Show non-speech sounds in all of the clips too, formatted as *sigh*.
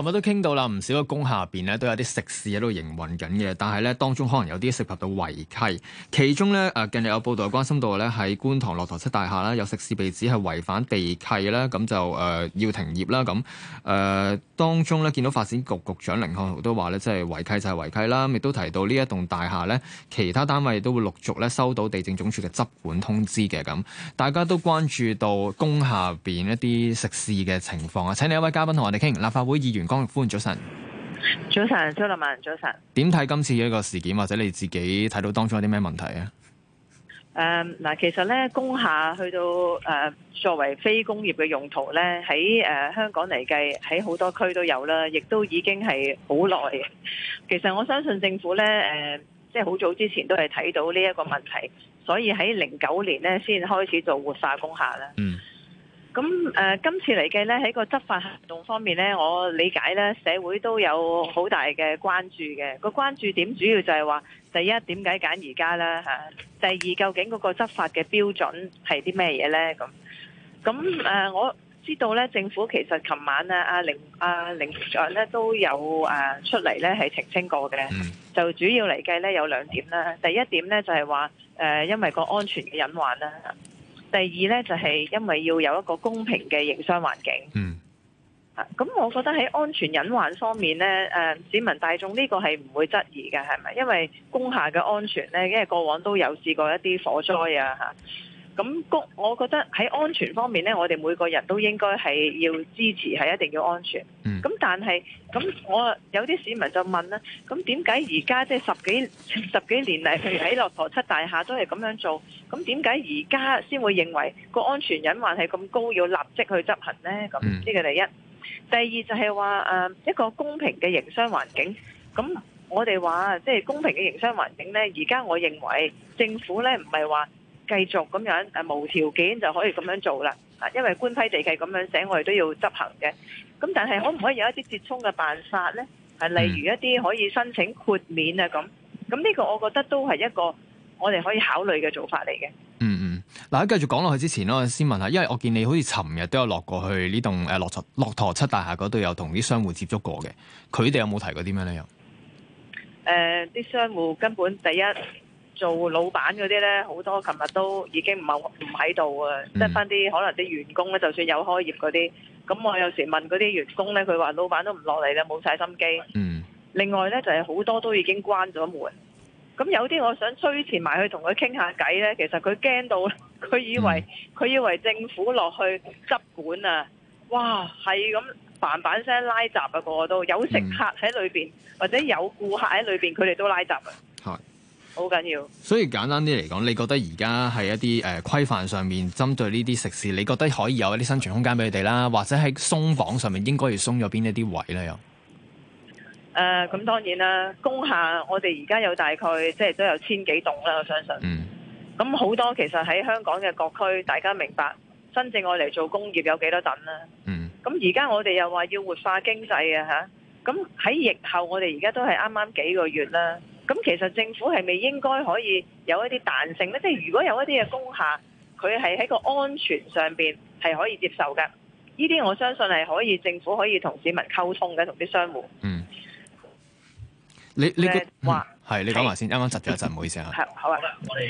琴日都傾到啦，唔少嘅工廈入面咧都有啲食肆喺度營運緊嘅，但係咧當中可能有啲涉及到違規。其中咧近日有報道關心到咧喺觀塘駱駝七大廈啦，有食肆被指係違反地契啦，咁就、呃、要停業啦。咁誒、呃、當中咧見到發展局局長甯漢豪都話咧，即係違規就係違規啦。亦都提到呢一棟大廈咧，其他單位都會陸續咧收到地政總署嘅執管通知嘅。咁大家都關注到工廈入面一啲食肆嘅情況啊！請你一位嘉賓同我哋傾立法會議員。江玉歡，早晨。早晨，蘇立文，早晨。點睇今次嘅一個事件，或者你自己睇到當中有啲咩問題啊？誒，嗱，其實咧，工廈去到誒、呃，作為非工業嘅用途咧，喺誒、呃、香港嚟計，喺好多區都有啦，亦都已經係好耐。其實我相信政府咧，誒、呃，即係好早之前都係睇到呢一個問題，所以喺零九年咧先開始做活化工廈啦。嗯。咁誒、呃，今次嚟計咧喺個執法行動方面咧，我理解咧社會都有好大嘅關注嘅。個關注點主要就係話，第一點解揀而家咧嚇，第二究竟嗰個執法嘅標準係啲咩嘢咧？咁咁誒，我知道咧，政府其實琴晚咧、啊，阿凌阿凌卓咧都有誒、啊、出嚟咧係澄清過嘅，就主要嚟計咧有兩點啦。第一點咧就係話誒，因為個安全嘅隱患啦。第二呢，就係因為要有一個公平嘅營商環境。嗯，咁我覺得喺安全隱患方面呢，誒，市民大眾呢個係唔會質疑嘅，係咪？因為工廈嘅安全呢，因為過往都有試過一啲火災啊，嗯咁公，我覺得喺安全方面呢，我哋每個人都應該係要支持，係一定要安全。咁但係，咁我有啲市民就問啦，咁點解而家即係十幾十幾年嚟，譬如喺駱駝漆大廈都係咁樣做，咁點解而家先會認為個安全隱患係咁高，要立即去執行呢？咁呢個第一。第二就係話誒一個公平嘅營商環境。咁我哋話即係公平嘅營商環境呢，而家我認為政府呢，唔係話繼續咁樣誒無條件就可以咁樣做啦，啊，因為官批地契咁樣寫，我哋都要執行嘅。咁但係可唔可以有一啲折衷嘅辦法咧？係例如一啲可以申請豁免啊，咁咁呢個我覺得都係一個我哋可以考慮嘅做法嚟嘅。嗯嗯，嗱，喺繼續講落去之前咯，我先問下，因為我見你好似尋日都有落過去呢棟誒、呃、駱駝駱漆大廈嗰度有同啲商戶接觸過嘅，佢哋有冇提過啲咩咧？又、呃、誒，啲商戶根本第一。做老闆嗰啲呢，好多琴日都已經唔冇唔喺度啊！即係得翻啲可能啲員工咧，就算有開業嗰啲，咁我有時問嗰啲員工呢，佢話老闆都唔落嚟啦，冇晒心機。另外呢，就係、是、好多都已經關咗門。咁有啲我想催前埋去同佢傾下偈呢，其實佢驚到，佢以為佢、嗯、以，以為政府落去執管啊！哇，係咁板板聲拉閘啊！個個都有食客喺裏邊，或者有顧客喺裏邊，佢哋都拉閘啊。好緊要，所以簡單啲嚟講，你覺得而家係一啲誒規範上面針對呢啲食肆，你覺得可以有一啲生存空間俾佢哋啦？或者喺鬆綁上面，應該要鬆咗邊一啲位咧？又誒，咁當然啦，工廈我哋而家有大概即係都有千幾棟啦，我相信。咁、嗯、好多其實喺香港嘅各區，大家明白真正我嚟做工業有幾多棟啦？嗯。咁而家我哋又話要活化經濟啊吓，咁喺疫後我哋而家都係啱啱幾個月啦。咁其實政府係咪應該可以有一啲彈性呢？即係如果有一啲嘅工廈，佢係喺個安全上面係可以接受嘅，呢啲我相信係可以政府可以同市民溝通嘅，同啲商戶。你呢個係你講埋、嗯嗯嗯、先，啱啱窒咗一陣，唔好意思啊。係好啊，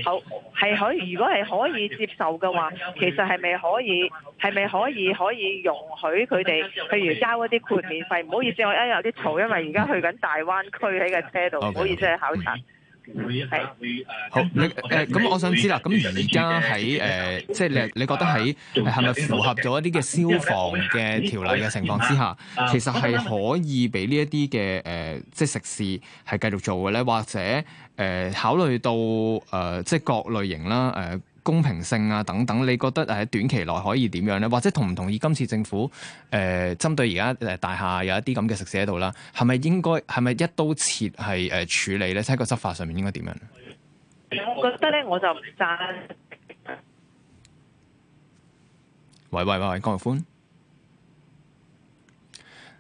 好係可以，如果係可以接受嘅話，其實係咪可以？係咪可以可以容許佢哋？譬如交一啲豁免費，唔好意思，我今有啲嘈，因為而家去緊大灣區喺個車度，唔、嗯、好意思，下、嗯、考察。會係會誒好，你誒咁，我想知啦。咁而家喺誒，即係你、呃嗯，你覺得喺係咪符合咗一啲嘅消防嘅條例嘅情況之下，其實係可以俾呢一啲嘅誒，即係食肆係繼續做嘅咧，或者？誒考慮到誒、呃、即係各類型啦，誒、呃、公平性啊等等，你覺得誒喺短期內可以點樣咧？或者同唔同意今次政府誒、呃、針對而家誒大廈有一啲咁嘅食肆喺度啦，係咪應該係咪一刀切係誒、呃、處理咧？喺個執法上面應該點樣？我覺得咧，我就唔贊。喂喂喂，江玉歡。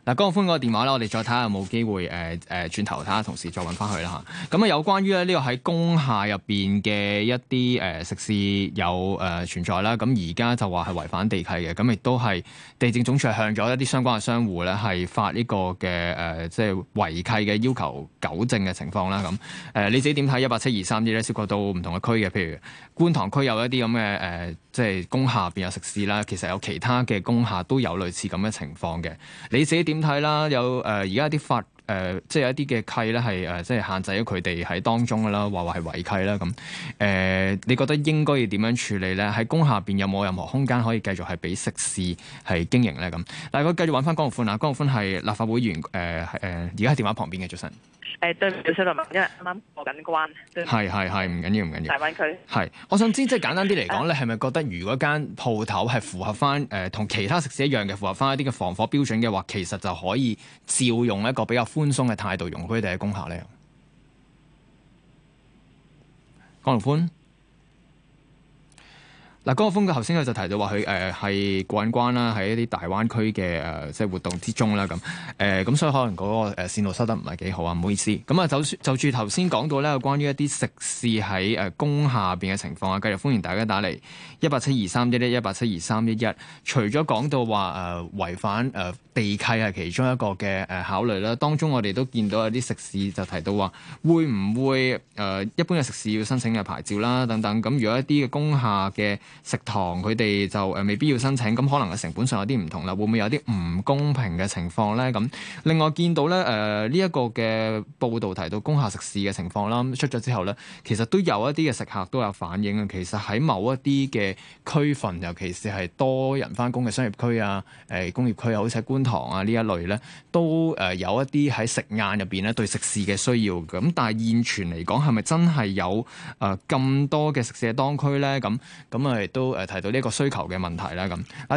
嗱，江玉歡嗰個電話咧，我哋再睇下有冇機會誒誒轉頭睇下，同事再去，再揾翻佢啦嚇。咁、嗯、啊，有關於呢、這個喺工廈入邊嘅一啲誒、呃、食肆有誒、呃、存在啦，咁而家就話係違反地契嘅，咁、嗯、亦都係地政總署向咗一啲相關嘅商戶咧，係發呢個嘅誒、呃、即係違契嘅要求糾正嘅情況啦。咁、啊、誒、呃、你自己點睇？一八七二三呢？涉及到唔同嘅區嘅，譬如觀塘區有一啲咁嘅誒，即係工廈入邊有食肆啦。其實有其他嘅工廈都有類似咁嘅情況嘅。你自己點睇啦，有誒而家啲法。誒、呃，即係一啲嘅契咧，係誒、呃，即係限制咗佢哋喺當中噶啦，話話係違契啦咁。誒、呃，你覺得應該要點樣處理咧？喺工廈下邊有冇任何空間可以繼續係俾食肆係經營咧？咁，嗱，我繼續揾翻江玉歡啊，江玉歡係立法會議員，誒而家喺電話旁邊嘅早晨。誒、呃，對唔住，小文，因為啱啱過緊關。係係係，唔緊要唔緊要。大灣區。係，我想知即係簡單啲嚟講， *laughs* 你係咪覺得如果間鋪頭係符合翻誒同其他食肆一樣嘅，符合翻一啲嘅防火標準嘅話，其實就可以照用一個比較。寬鬆嘅態度容許，定係功效呢？江玉歡。嗱，江玉歡嘅頭先佢就提到話佢誒係過關啦，喺一啲大灣區嘅誒即係活動之中啦咁誒，咁所以可能嗰個誒線路收得唔係幾好啊，唔好意思。咁啊，就就住頭先講到咧，關於一啲食肆喺誒工廈邊嘅情況啊，繼續歡迎大家打嚟一八七二三一一一八七二三一一。1872311, 1872311, 除咗講到話誒違反誒地契係其中一個嘅誒考慮啦，當中我哋都見到有啲食肆就提到話會唔會誒一般嘅食肆要申請嘅牌照啦等等。咁如果一啲嘅工廈嘅食堂佢哋就誒未必要申請，咁可能嘅成本上有啲唔同啦，會唔會有啲唔公平嘅情況呢？咁另外見到咧誒呢一個嘅報道提到工廈食肆嘅情況啦，出咗之後呢，其實都有一啲嘅食客都有反應。其實喺某一啲嘅區份，尤其是係多人翻工嘅商業區啊、誒工業區啊，好似係觀塘啊呢一類呢，都誒有一啲喺食晏入邊咧對食肆嘅需要，咁，但係現存嚟講係咪真係有誒咁多嘅食肆嘅當區呢？咁咁咪？都誒提到呢個需求嘅問題啦，咁啊點？